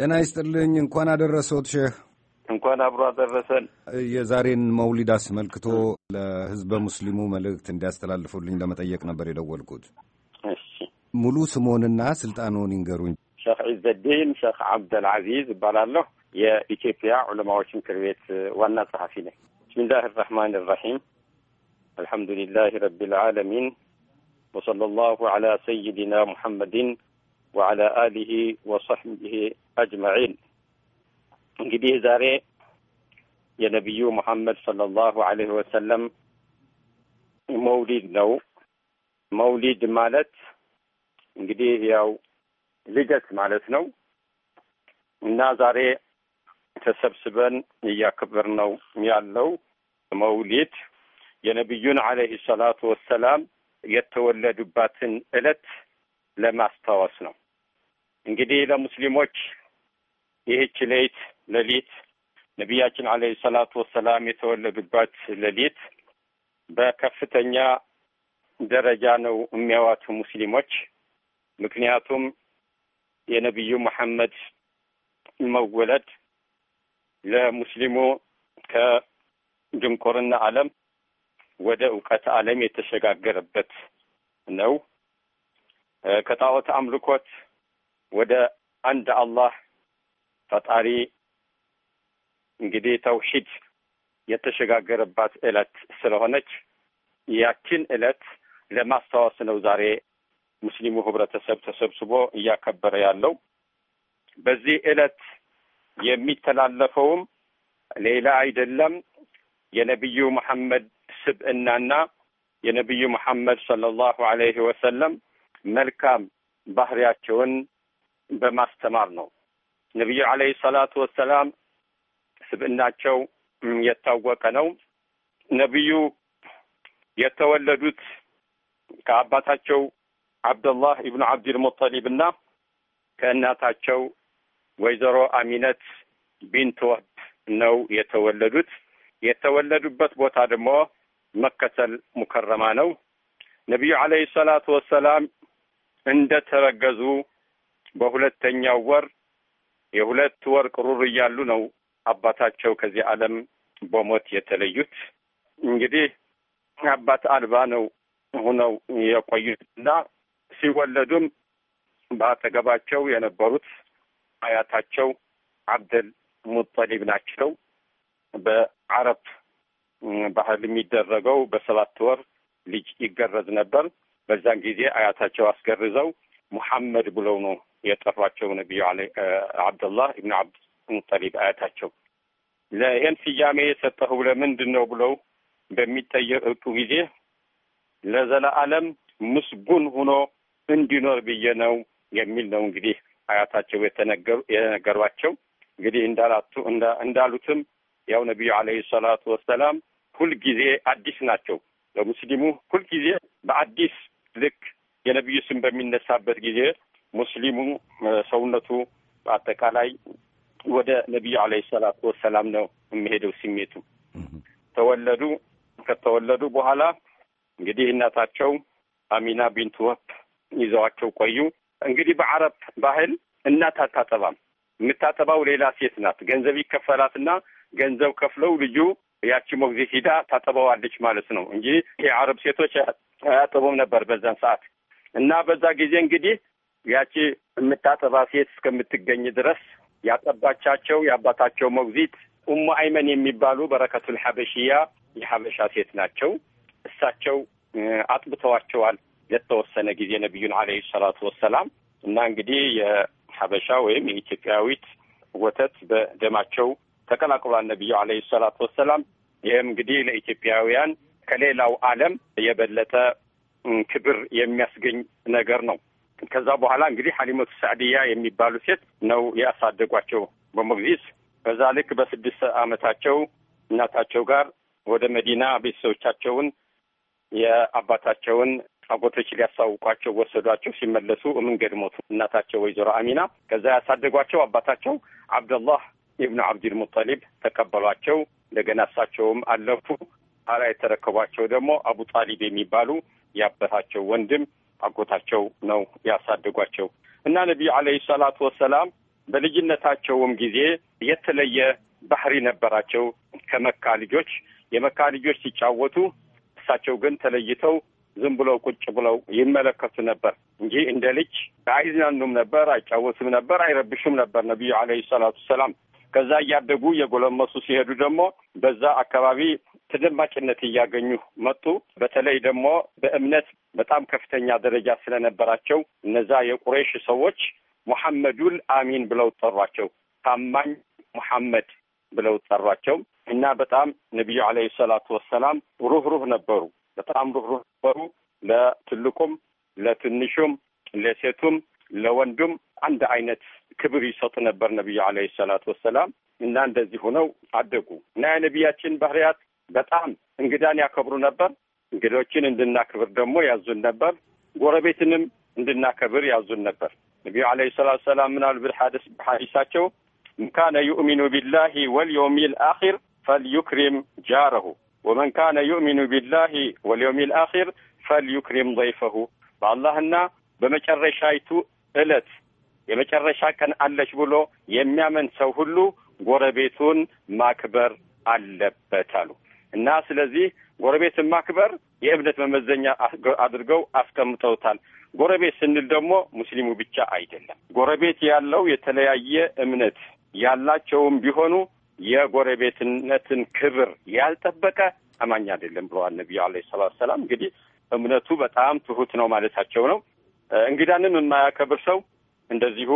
ጤና ይስጥልኝ። እንኳን አደረሰዎት ሼህ። እንኳን አብሮ አደረሰን። የዛሬን መውሊድ አስመልክቶ ለህዝበ ሙስሊሙ መልእክት እንዲያስተላልፉልኝ ለመጠየቅ ነበር የደወልኩት። ሙሉ ስሞንና ስልጣንዎን ይንገሩኝ። ሸክ ዒዘዲን ሸክ ዓብደልዓዚዝ እባላለሁ። የኢትዮጵያ ዑለማዎች ምክር ቤት ዋና ጸሐፊ ነኝ። ብስሚላህ ራሕማን ራሒም አልሐምዱሊላህ ረቢልዓለሚን ወሰለ ላሁ ዓላ ሰይድና ሙሐመድን ወዓላ አሊሂ ወሰሕቢሂ አጅማዒን። እንግዲህ ዛሬ የነቢዩ ሙሐመድ ሰለላሁ ዐለይሂ ወሰለም መውሊድ ነው። መውሊድ ማለት እንግዲህ ያው ልደት ማለት ነው እና ዛሬ ተሰብስበን እያከበር ነው ያለው መውሊድ የነቢዩን ዐለይሂ ሰላቱ ወሰላም የተወለዱባትን ዕለት ለማስታወስ ነው። እንግዲህ ለሙስሊሞች ይህች ሌት ሌሊት ነቢያችን አለይሂ ሰላቱ ወሰላም የተወለዱባት ሌሊት በከፍተኛ ደረጃ ነው የሚያዋቱ ሙስሊሞች። ምክንያቱም የነቢዩ መሐመድ መወለድ ለሙስሊሙ ከድንቁርና ዓለም ወደ እውቀት ዓለም የተሸጋገረበት ነው። ከጣዖት አምልኮት ወደ አንድ አላህ ፈጣሪ እንግዲህ ተውሂድ የተሸጋገረባት ዕለት ስለሆነች ያችን ዕለት ለማስታወስ ነው ዛሬ ሙስሊሙ ህብረተሰብ ተሰብስቦ እያከበረ ያለው። በዚህ ዕለት የሚተላለፈውም ሌላ አይደለም የነቢዩ መሐመድ ስብዕናና የነቢዩ መሐመድ ሰለላሁ ዐለይሂ ወሰለም መልካም ባህሪያቸውን በማስተማር ነው። ነቢዩ አለይሂ ሰላቱ ወሰላም ስብዕናቸው የታወቀ ነው። ነቢዩ የተወለዱት ከአባታቸው አብደላህ ኢብኑ አብድል እና ከእናታቸው ወይዘሮ አሚነት ቢንት ወህብ ነው የተወለዱት። የተወለዱበት ቦታ ደግሞ መከተል ሙከረማ ነው። ነቢዩ አለይሂ ሰላቱ ወሰላም እንደ ተረገዙ በሁለተኛው ወር የሁለት ወር ቅሩር እያሉ ነው አባታቸው ከዚህ ዓለም በሞት የተለዩት። እንግዲህ አባት አልባ ነው ሆነው የቆዩት እና ሲወለዱም በአጠገባቸው የነበሩት አያታቸው አብደል ሙጠሊብ ናቸው። በአረብ ባህል የሚደረገው በሰባት ወር ልጅ ይገረዝ ነበር። በዛን ጊዜ አያታቸው አስገርዘው ሙሐመድ ብለው ነው የጠሯቸው። ነቢዩ አብደላህ ኢብኑ አብዱልሙጠሊብ አያታቸው። ለይህን ስያሜ የሰጠሁ ለምንድን ነው ብለው በሚጠየቁ ጊዜ ለዘለዓለም ምስጉን ሆኖ እንዲኖር ብዬ ነው የሚል ነው እንግዲህ አያታቸው የተነገሯቸው። የነገሯቸው እንግዲህ እንዳላቱ እንዳሉትም ያው ነቢዩ አለህ ሰላቱ ወሰላም ሁልጊዜ አዲስ ናቸው። ለሙስሊሙ ሁልጊዜ በአዲስ ልክ የነቢዩ ስም በሚነሳበት ጊዜ ሙስሊሙ ሰውነቱ በአጠቃላይ ወደ ነቢዩ አለይሂ ሰላቱ ወሰላም ነው የሚሄደው ስሜቱ። ተወለዱ ከተወለዱ በኋላ እንግዲህ እናታቸው አሚና ቢንት ወፕ ይዘዋቸው ቆዩ። እንግዲህ በአረብ ባህል እናት አታጠባም። የምታጠባው ሌላ ሴት ናት። ገንዘብ ይከፈላትና ገንዘብ ከፍለው ልጁ ያቺ ሞግዚት ሂዳ ታጠበዋለች ማለት ነው እንጂ የአረብ ሴቶች አያጠቡም ነበር በዛን ሰዓት እና በዛ ጊዜ እንግዲህ ያቺ የምታጠባ ሴት እስከምትገኝ ድረስ ያጠባቻቸው የአባታቸው ሞግዚት ኡሙ አይመን የሚባሉ በረከቱል ሐበሽያ የሐበሻ ሴት ናቸው። እሳቸው አጥብተዋቸዋል የተወሰነ ጊዜ ነቢዩን አለይሂ ሰላቱ ወሰላም እና እንግዲህ የሐበሻ ወይም የኢትዮጵያዊት ወተት በደማቸው ተቀላቅሏል ነቢዩ አለይሂ ሰላት ወሰላም። ይህም እንግዲህ ለኢትዮጵያውያን ከሌላው ዓለም የበለጠ ክብር የሚያስገኝ ነገር ነው። ከዛ በኋላ እንግዲህ ሀሊመቱ ሳዕድያ የሚባሉ ሴት ነው ያሳደጓቸው በሞግዚስ። በዛ ልክ በስድስት ዓመታቸው እናታቸው ጋር ወደ መዲና ቤተሰቦቻቸውን የአባታቸውን አጎቶች ሊያሳውቋቸው ወሰዷቸው። ሲመለሱ መንገድ ሞቱ። እናታቸው ወይዘሮ አሚና ከዛ ያሳደጓቸው አባታቸው አብደላህ ኢብኑ አብዱል ሙጠሊብ ተቀበሏቸው። እንደገና እሳቸውም አለፉ። አራ የተረከቧቸው ደግሞ አቡ ጣሊብ የሚባሉ ያበታቸው ወንድም አጎታቸው ነው ያሳደጓቸው እና ነቢዩ አለይሂ ሰላቱ ወሰላም በልጅነታቸውም ጊዜ የተለየ ባህሪ ነበራቸው ከመካ ልጆች። የመካ ልጆች ሲጫወቱ እሳቸው ግን ተለይተው ዝም ብለው ቁጭ ብለው ይመለከቱ ነበር እንጂ እንደ ልጅ አይዝናኑም ነበር፣ አይጫወቱም ነበር፣ አይረብሹም ነበር። ነቢዩ አለይሂ ሰላቱ ሰላም ከዛ እያደጉ የጎለመሱ ሲሄዱ ደግሞ በዛ አካባቢ ተደማጭነት እያገኙ መጡ። በተለይ ደግሞ በእምነት በጣም ከፍተኛ ደረጃ ስለነበራቸው እነዛ የቁሬሽ ሰዎች ሙሐመዱል አሚን ብለው ጠሯቸው። ታማኝ ሙሐመድ ብለው ጠሯቸው እና በጣም ነቢዩ አለይሂ ሰላቱ ወሰላም ሩህሩህ ነበሩ። በጣም ሩህሩህ ነበሩ። ለትልቁም፣ ለትንሹም፣ ለሴቱም ለወንዱም አንድ አይነት ክብር ይሰጡ ነበር ነቢዩ አለይሂ ሰላቱ ወሰላም እና እንደዚህ ሆነው አደጉ እና የነቢያችን ባህሪያት በጣም እንግዳን ያከብሩ ነበር። እንግዶችን እንድናክብር ደግሞ ያዙን ነበር። ጎረቤትንም እንድናከብር ያዙን ነበር። ነቢዩ አለይሂ ሰላቱ ሰላም ምናሉ ብልሐዲስ በሐዲሳቸው ካነ ዩእሚኑ ቢላሂ ወልየውሚል አኺር ፈልዩክሪም ጃረሁ ወመን ካነ ዩእሚኑ ቢላሂ ወልየውሚል አኺር ፈልዩክሪም ዘይፈሁ በአላህና በመጨረሻይቱ ዕለት የመጨረሻ ቀን አለች ብሎ የሚያምን ሰው ሁሉ ጎረቤቱን ማክበር አለበት አሉ እና ስለዚህ ጎረቤትን ማክበር የእምነት መመዘኛ አድርገው አስቀምጠውታል። ጎረቤት ስንል ደግሞ ሙስሊሙ ብቻ አይደለም። ጎረቤት ያለው የተለያየ እምነት ያላቸውም ቢሆኑ የጎረቤትነትን ክብር ያልጠበቀ አማኝ አይደለም ብለዋል ነቢዩ አለ ሰላት ሰላም። እንግዲህ እምነቱ በጣም ትሁት ነው ማለታቸው ነው። እንግዳንም የማያከብር ሰው እንደዚሁ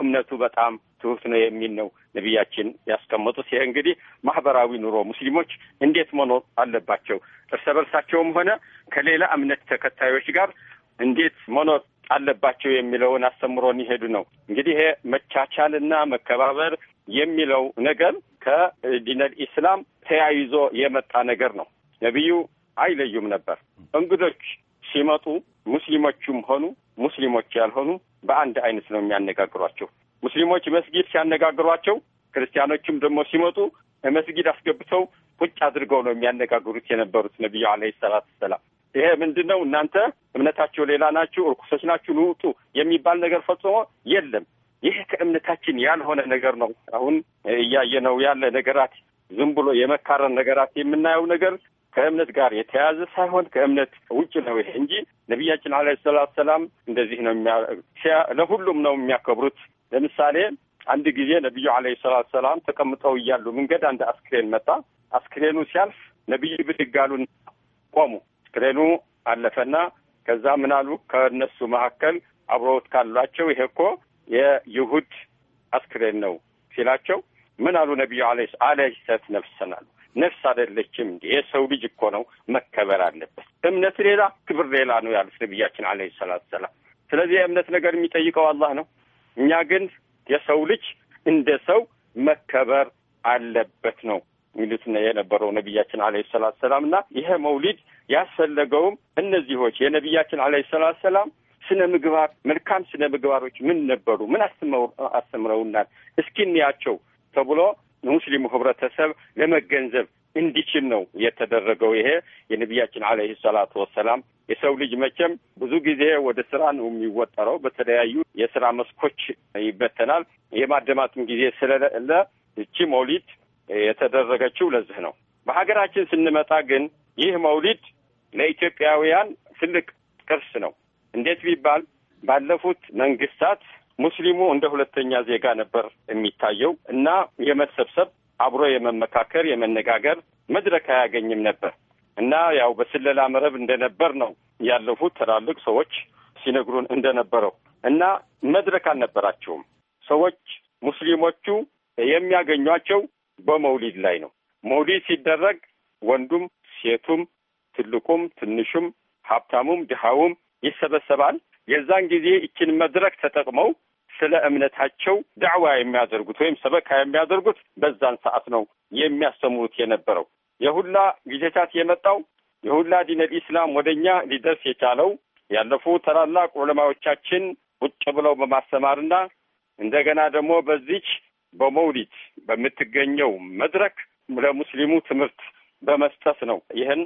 እምነቱ በጣም ትሁት ነው የሚል ነው ነቢያችን ያስቀመጡት። ይህ እንግዲህ ማህበራዊ ኑሮ ሙስሊሞች እንዴት መኖር አለባቸው፣ እርሰ በርሳቸውም ሆነ ከሌላ እምነት ተከታዮች ጋር እንዴት መኖር አለባቸው የሚለውን አስተምሮን ይሄዱ ነው። እንግዲህ ይሄ መቻቻልና መከባበር የሚለው ነገር ከዲነል ኢስላም ተያይዞ የመጣ ነገር ነው። ነቢዩ አይለዩም ነበር። እንግዶች ሲመጡ ሙስሊሞቹም ሆኑ ሙስሊሞች ያልሆኑ በአንድ አይነት ነው የሚያነጋግሯቸው። ሙስሊሞች መስጊድ ሲያነጋግሯቸው፣ ክርስቲያኖችም ደግሞ ሲመጡ መስጊድ አስገብተው ቁጭ አድርገው ነው የሚያነጋግሩት የነበሩት ነቢዩ አለይሂ ሰላቱ ሰላም። ይሄ ምንድን ነው? እናንተ እምነታቸው ሌላ ናችሁ፣ እርኩሶች ናችሁ፣ ልውጡ የሚባል ነገር ፈጽሞ የለም። ይህ ከእምነታችን ያልሆነ ነገር ነው። አሁን እያየነው ያለ ነገራት ዝም ብሎ የመካረን ነገራት የምናየው ነገር ከእምነት ጋር የተያያዘ ሳይሆን ከእምነት ውጭ ነው ይሄ እንጂ ነቢያችን አለ ሰላት ሰላም እንደዚህ ነው ለሁሉም ነው የሚያከብሩት። ለምሳሌ አንድ ጊዜ ነቢዩ አለ ሰላት ሰላም ተቀምጠው እያሉ መንገድ አንድ አስክሬን መጣ። አስክሬኑ ሲያልፍ ነቢይ ብድጋሉን ቆሙ። አስክሬኑ አለፈና ከዛ ምናሉ ከእነሱ መካከል አብረውት ካሏቸው ይሄ እኮ የይሁድ አስክሬን ነው ሲላቸው ምን አሉ? ነቢዩ አለ ሰት ነፍሰን አሉ ነፍስ አይደለችም። የሰው ልጅ እኮ ነው መከበር አለበት። እምነት ሌላ ክብር ሌላ ነው ያሉት ነቢያችን አለ ሰላት ሰላም። ስለዚህ የእምነት ነገር የሚጠይቀው አላህ ነው። እኛ ግን የሰው ልጅ እንደ ሰው መከበር አለበት ነው የሚሉት የነበረው ነቢያችን አለ ሰላት ሰላም እና ይሄ መውሊድ ያስፈለገውም እነዚሆች የነቢያችን አለ ሰላት ሰላም ስነ ምግባር መልካም ስነ ምግባሮች ምን ነበሩ? ምን አስተምረውናል? እስኪ እንያቸው ተብሎ ሙስሊሙ ህብረተሰብ ለመገንዘብ እንዲችል ነው የተደረገው። ይሄ የነቢያችን አለይሂ ሰላቱ ወሰላም የሰው ልጅ መቼም ብዙ ጊዜ ወደ ስራ ነው የሚወጠረው። በተለያዩ የስራ መስኮች ይበተናል። የማደማትም ጊዜ ስለሌለ እቺ መውሊድ የተደረገችው ለዚህ ነው። በሀገራችን ስንመጣ ግን ይህ መውሊድ ለኢትዮጵያውያን ትልቅ ቅርስ ነው። እንዴት ቢባል ባለፉት መንግስታት ሙስሊሙ እንደ ሁለተኛ ዜጋ ነበር የሚታየው እና የመሰብሰብ አብሮ የመመካከር የመነጋገር መድረክ አያገኝም ነበር እና ያው በስለላ መረብ እንደነበር ነው ያለፉት ትላልቅ ሰዎች ሲነግሩን እንደነበረው እና መድረክ አልነበራቸውም። ሰዎች ሙስሊሞቹ የሚያገኟቸው በመውሊድ ላይ ነው። መውሊድ ሲደረግ ወንዱም ሴቱም ትልቁም ትንሹም ሀብታሙም ድሃውም ይሰበሰባል። የዛን ጊዜ ይችን መድረክ ተጠቅመው ስለ እምነታቸው ዳዕዋ የሚያደርጉት ወይም ሰበካ የሚያደርጉት በዛን ሰዓት ነው የሚያስተምሩት የነበረው። የሁላ ጊዜታት የመጣው የሁላ ዲነል ኢስላም ወደ እኛ ሊደርስ የቻለው ያለፉ ታላላቅ ዑለማዎቻችን ቁጭ ብለው በማስተማርና እንደገና ደግሞ በዚች በመውሊድ በምትገኘው መድረክ ለሙስሊሙ ትምህርት በመስጠት ነው። ይህን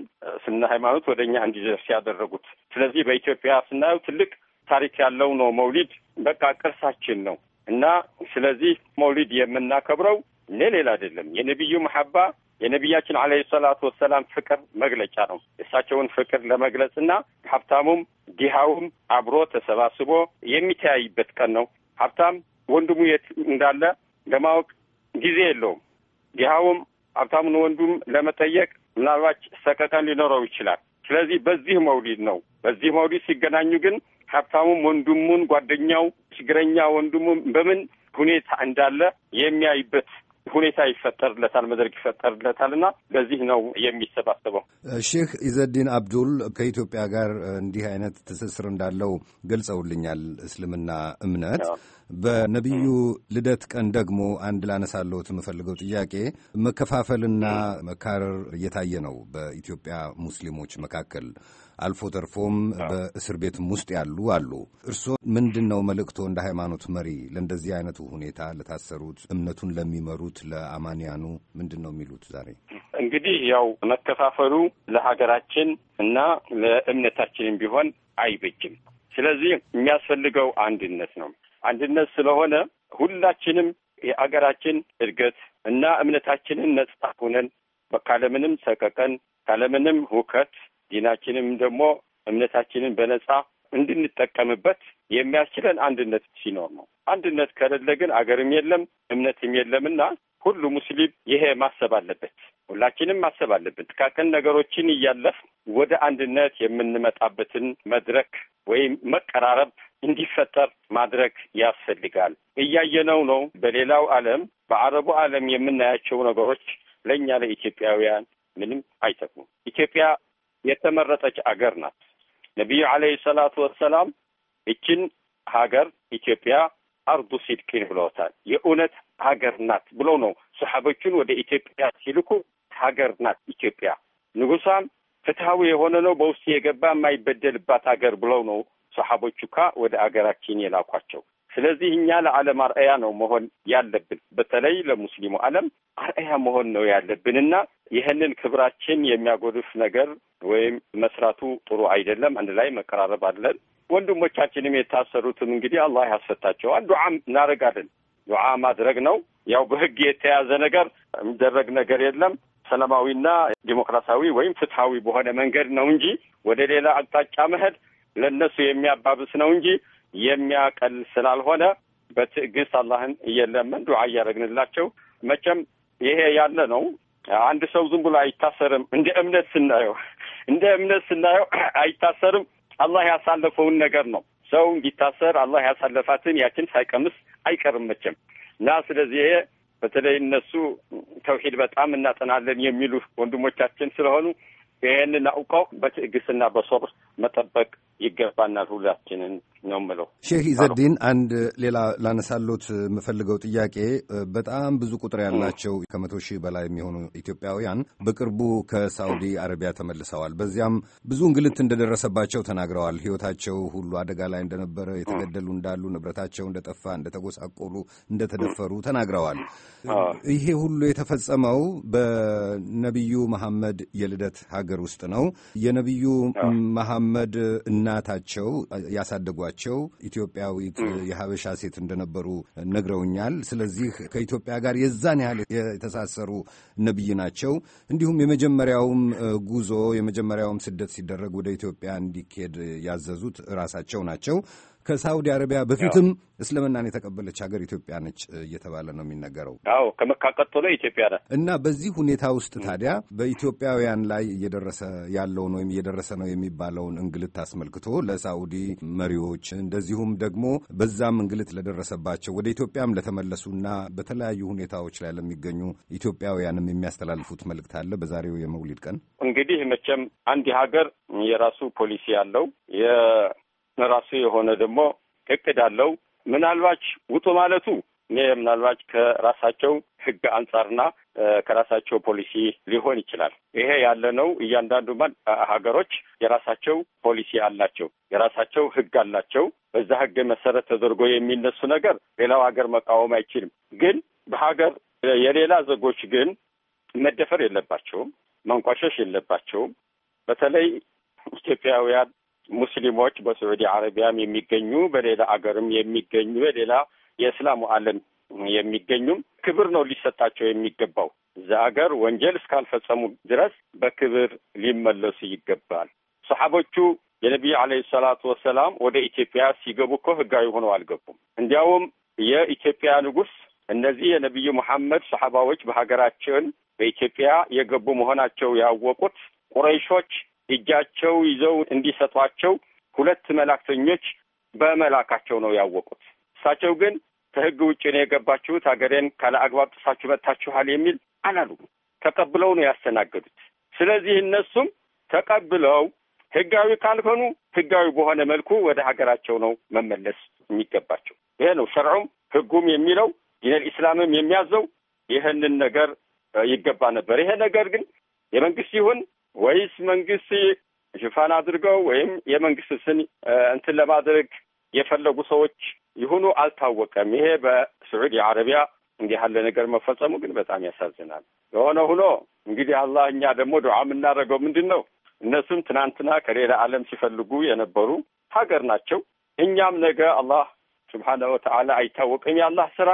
ስነ ሃይማኖት ወደ እኛ እንዲደርስ ያደረጉት። ስለዚህ በኢትዮጵያ ስናየው ትልቅ ታሪክ ያለው ነው። መውሊድ በቃ ቅርሳችን ነው እና ስለዚህ መውሊድ የምናከብረው እኔ ሌላ አይደለም የነቢዩ መሐባ የነቢያችን አለህ ሰላቱ ወሰላም ፍቅር መግለጫ ነው። እሳቸውን ፍቅር ለመግለጽ እና ሀብታሙም ድሃውም አብሮ ተሰባስቦ የሚተያይበት ቀን ነው። ሀብታም ወንድሙ የት እንዳለ ለማወቅ ጊዜ የለውም። ድሃውም ሀብታሙን ወንዱም ለመጠየቅ ምናልባት ሰቀቀን ሊኖረው ይችላል። ስለዚህ በዚህ መውሊድ ነው። በዚህ መውሊድ ሲገናኙ ግን ሀብታሙም ወንድሙን፣ ጓደኛው ችግረኛ ወንድሙም በምን ሁኔታ እንዳለ የሚያይበት ሁኔታ ይፈጠርለታል፣ መድረክ ይፈጠርለታል እና በዚህ ነው የሚሰባሰበው። ሼህ ኢዘዲን አብዱል ከኢትዮጵያ ጋር እንዲህ አይነት ትስስር እንዳለው ገልጸውልኛል። እስልምና እምነት በነቢዩ ልደት ቀን ደግሞ አንድ ላነሳለሁት የምፈልገው ጥያቄ መከፋፈልና መካረር እየታየ ነው በኢትዮጵያ ሙስሊሞች መካከል አልፎ ተርፎም በእስር ቤትም ውስጥ ያሉ አሉ። እርስዎ ምንድን ነው መልእክቶ እንደ ሃይማኖት መሪ ለእንደዚህ አይነቱ ሁኔታ ለታሰሩት፣ እምነቱን ለሚመሩት ለአማንያኑ ምንድን ነው የሚሉት? ዛሬ እንግዲህ ያው መከፋፈሉ ለሀገራችን እና ለእምነታችንም ቢሆን አይበጅም። ስለዚህ የሚያስፈልገው አንድነት ነው። አንድነት ስለሆነ ሁላችንም የአገራችን እድገት እና እምነታችንን ነጻ ሁነን ካለምንም ሰቀቀን ካለምንም ሁከት ዲናችንም ደግሞ እምነታችንን በነጻ እንድንጠቀምበት የሚያስችለን አንድነት ሲኖር ነው። አንድነት ከሌለ ግን አገርም የለም እምነትም የለምና ሁሉ ሙስሊም ይሄ ማሰብ አለበት። ሁላችንም ማሰብ አለብን። ጥቃቅን ነገሮችን እያለፍ ወደ አንድነት የምንመጣበትን መድረክ ወይም መቀራረብ እንዲፈጠር ማድረግ ያስፈልጋል። እያየነው ነው። በሌላው ዓለም በአረቡ ዓለም የምናያቸው ነገሮች ለእኛ ለኢትዮጵያውያን ምንም አይጠቅሙም። ኢትዮጵያ የተመረጠች አገር ናት። ነቢዩ አለይሂ ሰላቱ ወሰላም እችን ሀገር ኢትዮጵያ አርዱ ሲድኪን ብለውታል። የእውነት ሀገር ናት ብለው ነው ሰሓቦቹን ወደ ኢትዮጵያ ሲልኩ ሀገር ናት ኢትዮጵያ ንጉሷም ፍትሐዊ የሆነ ነው በውስጥ የገባ የማይበደልባት ሀገር ብለው ነው ሰሓቦቹ ካ ወደ አገራችን የላኳቸው። ስለዚህ እኛ ለዓለም አርአያ ነው መሆን ያለብን። በተለይ ለሙስሊሙ ዓለም አርአያ መሆን ነው ያለብንና ይህንን ክብራችን የሚያጎድፍ ነገር ወይም መስራቱ ጥሩ አይደለም። አንድ ላይ መቀራረብ አለን። ወንድሞቻችንም የታሰሩትም እንግዲህ አላህ ያስፈታቸዋል። ዱዓም እናደርጋለን። ዱዓ ማድረግ ነው። ያው በህግ የተያዘ ነገር የሚደረግ ነገር የለም። ሰላማዊና ዲሞክራሲያዊ ወይም ፍትሐዊ በሆነ መንገድ ነው እንጂ ወደ ሌላ አቅጣጫ መሄድ ለእነሱ የሚያባብስ ነው እንጂ የሚያቀል ስላልሆነ በትዕግስት አላህን እየለመን ዱዓ እያደረግንላቸው መቼም ይሄ ያለ ነው። አንድ ሰው ዝም ብሎ አይታሰርም። እንደ እምነት ስናየው እንደ እምነት ስናየው አይታሰርም። አላህ ያሳለፈውን ነገር ነው። ሰው እንዲታሰር አላህ ያሳለፋትን ያችን ሳይቀምስ አይቀርም መቼም እና ስለዚህ ይሄ በተለይ እነሱ ተውሂድ በጣም እናጠናለን የሚሉ ወንድሞቻችን ስለሆኑ ይህንን አውቀው በትዕግስትና በሶብር መጠበቅ ይገባናል ሁላችንን ነው ምለው። ሼህ ኢዘዲን አንድ ሌላ ላነሳሎት የምፈልገው ጥያቄ በጣም ብዙ ቁጥር ያላቸው ከመቶ ሺህ በላይ የሚሆኑ ኢትዮጵያውያን በቅርቡ ከሳውዲ አረቢያ ተመልሰዋል። በዚያም ብዙ እንግልት እንደደረሰባቸው ተናግረዋል። ሕይወታቸው ሁሉ አደጋ ላይ እንደነበረ፣ የተገደሉ እንዳሉ፣ ንብረታቸው እንደጠፋ፣ እንደተጎሳቆሉ፣ እንደተደፈሩ ተናግረዋል። ይሄ ሁሉ የተፈጸመው በነቢዩ መሐመድ የልደት ሀገር ውስጥ ነው። የነቢዩ መሐመድ እናታቸው ያሳደጓቸው ኢትዮጵያዊ የሀበሻ ሴት እንደነበሩ ነግረውኛል። ስለዚህ ከኢትዮጵያ ጋር የዛን ያህል የተሳሰሩ ነቢይ ናቸው። እንዲሁም የመጀመሪያውም ጉዞ የመጀመሪያውም ስደት ሲደረግ ወደ ኢትዮጵያ እንዲኬድ ያዘዙት ራሳቸው ናቸው። ከሳውዲ አረቢያ በፊትም እስልምናን የተቀበለች ሀገር ኢትዮጵያ ነች እየተባለ ነው የሚነገረው። አዎ ከመካ ቀጥሎ ኢትዮጵያ ነ እና በዚህ ሁኔታ ውስጥ ታዲያ በኢትዮጵያውያን ላይ እየደረሰ ያለውን ወይም እየደረሰ ነው የሚባለውን እንግልት አስመልክቶ ለሳውዲ መሪዎች እንደዚሁም ደግሞ በዛም እንግልት ለደረሰባቸው ወደ ኢትዮጵያም ለተመለሱና በተለያዩ ሁኔታዎች ላይ ለሚገኙ ኢትዮጵያውያንም የሚያስተላልፉት መልእክት አለ በዛሬው የመውሊድ ቀን። እንግዲህ መቼም አንድ ሀገር የራሱ ፖሊሲ ያለው ራሱ የሆነ ደግሞ እቅድ አለው። ምናልባች ውጡ ማለቱ እኔ ምናልባች ከራሳቸው ህግ አንጻርና ከራሳቸው ፖሊሲ ሊሆን ይችላል። ይሄ ያለ ነው። እያንዳንዱ ሀገሮች የራሳቸው ፖሊሲ አላቸው፣ የራሳቸው ህግ አላቸው። በዛ ህግ መሰረት ተደርጎ የሚነሱ ነገር ሌላው ሀገር መቃወም አይችልም። ግን በሀገር የሌላ ዜጎች ግን መደፈር የለባቸውም፣ መንቋሸሽ የለባቸውም። በተለይ ኢትዮጵያውያን ሙስሊሞች በሳዑዲ አረቢያም የሚገኙ በሌላ አገርም የሚገኙ በሌላ የእስላሙ ዓለም የሚገኙም ክብር ነው ሊሰጣቸው የሚገባው። እዛ አገር ወንጀል እስካልፈጸሙ ድረስ በክብር ሊመለሱ ይገባል። ሰሓቦቹ የነቢዩ ዓለይሂ ሰላቱ ወሰላም ወደ ኢትዮጵያ ሲገቡ እኮ ህጋዊ ሆነው አልገቡም። እንዲያውም የኢትዮጵያ ንጉሥ እነዚህ የነቢዩ መሐመድ ሰሓባዎች በሀገራችን በኢትዮጵያ የገቡ መሆናቸው ያወቁት ቁረይሾች እጃቸው ይዘው እንዲሰጧቸው ሁለት መላክተኞች በመላካቸው ነው ያወቁት። እሳቸው ግን ከህግ ውጭ ነው የገባችሁት፣ ሀገሬን ካለ አግባብ ጥሳችሁ መጥታችኋል የሚል አላሉ። ተቀብለው ነው ያስተናገዱት። ስለዚህ እነሱም ተቀብለው ህጋዊ ካልሆኑ ህጋዊ በሆነ መልኩ ወደ ሀገራቸው ነው መመለስ የሚገባቸው። ይሄ ነው ሸርዑም ህጉም የሚለው ዲነል ኢስላምም የሚያዘው ይህንን ነገር ይገባ ነበር። ይሄ ነገር ግን የመንግስት ይሁን ወይስ መንግስት ሽፋን አድርገው ወይም የመንግስት ስን እንትን ለማድረግ የፈለጉ ሰዎች ይሁኑ አልታወቀም። ይሄ በስዑድ አረቢያ እንዲህ ያለ ነገር መፈጸሙ ግን በጣም ያሳዝናል። የሆነ ሁኖ እንግዲህ አላህ እኛ ደግሞ ዱዓ የምናደርገው ምንድን ነው? እነሱም ትናንትና ከሌላ ዓለም ሲፈልጉ የነበሩ ሀገር ናቸው። እኛም ነገ አላህ ስብሓነሁ ወተዓላ አይታወቅም የአላህ ስራ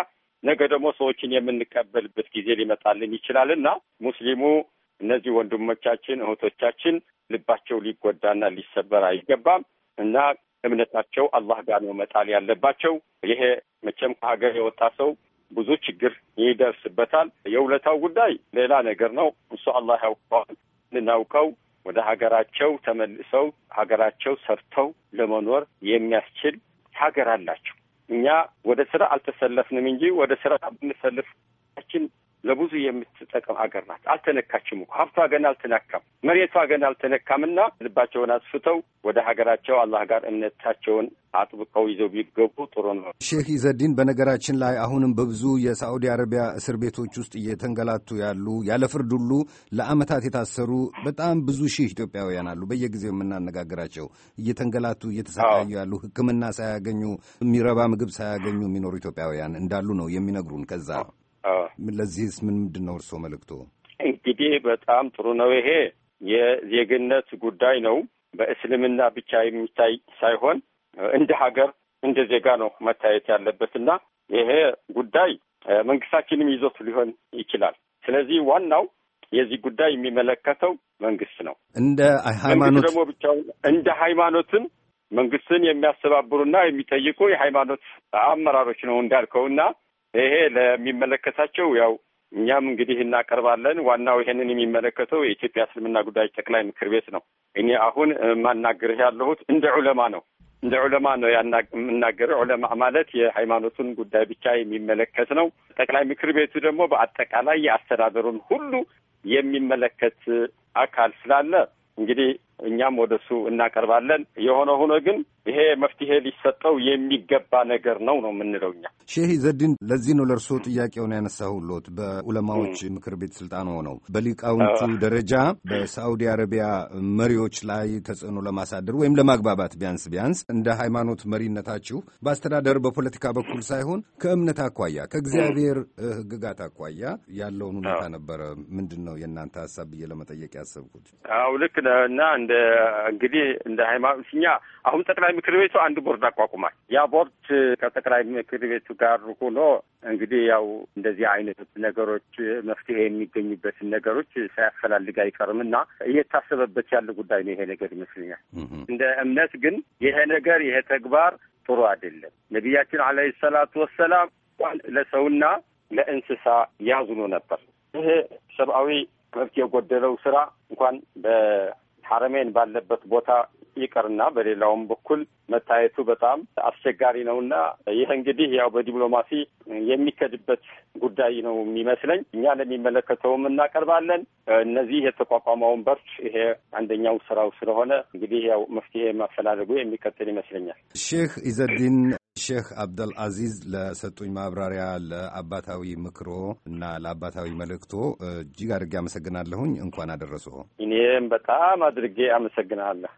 ነገ ደግሞ ሰዎችን የምንቀበልበት ጊዜ ሊመጣልን ይችላልና ሙስሊሙ እነዚህ ወንድሞቻችን እህቶቻችን ልባቸው ሊጎዳና ሊሰበር አይገባም እና እምነታቸው አላህ ጋር ነው መጣል ያለባቸው። ይሄ መቼም ከሀገር የወጣ ሰው ብዙ ችግር ይደርስበታል። የውለታው ጉዳይ ሌላ ነገር ነው። እሱ አላህ ያውቀዋል። ልናውቀው ወደ ሀገራቸው ተመልሰው ሀገራቸው ሰርተው ለመኖር የሚያስችል ሀገር አላቸው። እኛ ወደ ስራ አልተሰለፍንም እንጂ ወደ ስራ ብንሰልፍ ለብዙ የምትጠቅም ሀገር ናት። አልተነካችም እኮ ሀብቷ ገና አልተነካም፣ መሬቷ ገና አልተነካምና ልባቸውን አስፍተው ወደ ሀገራቸው አላህ ጋር እምነታቸውን አጥብቀው ይዘው ቢገቡ ጥሩ ነው። ሼህ ኢዘዲን፣ በነገራችን ላይ አሁንም በብዙ የሳዑዲ አረቢያ እስር ቤቶች ውስጥ እየተንገላቱ ያሉ ያለ ፍርድ ሁሉ ለአመታት የታሰሩ በጣም ብዙ ሺህ ኢትዮጵያውያን አሉ። በየጊዜው የምናነጋግራቸው እየተንገላቱ እየተሰቃዩ ያሉ ሕክምና ሳያገኙ የሚረባ ምግብ ሳያገኙ የሚኖሩ ኢትዮጵያውያን እንዳሉ ነው የሚነግሩን ከዛ ለዚህስ ምን ምንድን ነው እርስዎ መልእክቶ? እንግዲህ በጣም ጥሩ ነው። ይሄ የዜግነት ጉዳይ ነው። በእስልምና ብቻ የሚታይ ሳይሆን እንደ ሀገር እንደ ዜጋ ነው መታየት ያለበት እና ይሄ ጉዳይ መንግስታችንም ይዞት ሊሆን ይችላል። ስለዚህ ዋናው የዚህ ጉዳይ የሚመለከተው መንግስት ነው። እንደ ሃይማኖት ደግሞ ብቻውን እንደ ሃይማኖትም መንግስትን የሚያስተባብሩና የሚጠይቁ የሃይማኖት አመራሮች ነው እንዳልከው እና ይሄ ለሚመለከታቸው ያው እኛም እንግዲህ እናቀርባለን። ዋናው ይሄንን የሚመለከተው የኢትዮጵያ እስልምና ጉዳዮች ጠቅላይ ምክር ቤት ነው። እኔ አሁን ማናገርህ ያለሁት እንደ ዑለማ ነው እንደ ዑለማ ነው የምናገረው። ዑለማ ማለት የሃይማኖቱን ጉዳይ ብቻ የሚመለከት ነው። ጠቅላይ ምክር ቤቱ ደግሞ በአጠቃላይ የአስተዳደሩን ሁሉ የሚመለከት አካል ስላለ እንግዲህ እኛም ወደ እሱ እናቀርባለን። የሆነ ሆኖ ግን ይሄ መፍትሄ ሊሰጠው የሚገባ ነገር ነው ነው የምንለው እኛ። ሼህ ዘዲን ለዚህ ነው ለእርስዎ ጥያቄውን ያነሳሁልዎት። በዑለማዎች ምክር ቤት ስልጣን ሆነው በሊቃውንቱ ደረጃ በሳዑዲ አረቢያ መሪዎች ላይ ተጽዕኖ ለማሳደር ወይም ለማግባባት ቢያንስ ቢያንስ እንደ ሃይማኖት መሪነታችሁ በአስተዳደር በፖለቲካ በኩል ሳይሆን ከእምነት አኳያ ከእግዚአብሔር ሕግጋት አኳያ ያለውን ሁኔታ ነበረ። ምንድን ነው የእናንተ ሀሳብ ብዬ ለመጠየቅ ያሰብኩት። አዎ ልክ እና እንደ እንግዲህ እንደ ሃይማኖት እኛ አሁን ጠቅላይ ምክር ቤቱ አንድ ቦርድ አቋቁሟል። ያ ቦርድ ከጠቅላይ ምክር ቤቱ ጋር ሆኖ እንግዲህ ያው እንደዚህ አይነት ነገሮች መፍትሄ የሚገኙበትን ነገሮች ሳያፈላልግ አይቀርም እና እየታሰበበት ያለ ጉዳይ ነው ይሄ ነገር ይመስለኛል። እንደ እምነት ግን ይሄ ነገር ይሄ ተግባር ጥሩ አይደለም። ነቢያችን አለይሂ ሰላቱ ወሰላም እንኳን ለሰውና ለእንስሳ ያዝኖ ነበር። ይሄ ሰብአዊ መብት የጎደለው ስራ እንኳን በ ሀረሜን ባለበት ቦታ ይቅርና በሌላውም በኩል መታየቱ በጣም አስቸጋሪ ነው እና ይህ እንግዲህ ያው በዲፕሎማሲ የሚከድበት ጉዳይ ነው የሚመስለኝ። እኛ ለሚመለከተውም እናቀርባለን። እነዚህ የተቋቋመውን በርች ይሄ አንደኛው ስራው ስለሆነ እንግዲህ ያው መፍትሄ ማፈላለጉ የሚቀጥል ይመስለኛል። ሼህ ኢዘዲን ሼህ አብደል አዚዝ ለሰጡኝ ማብራሪያ ለአባታዊ ምክሮ እና ለአባታዊ መልእክቶ እጅግ አድርጌ አመሰግናለሁኝ። እንኳን አደረሶ። እኔም በጣም አድርጌ አመሰግናለሁ።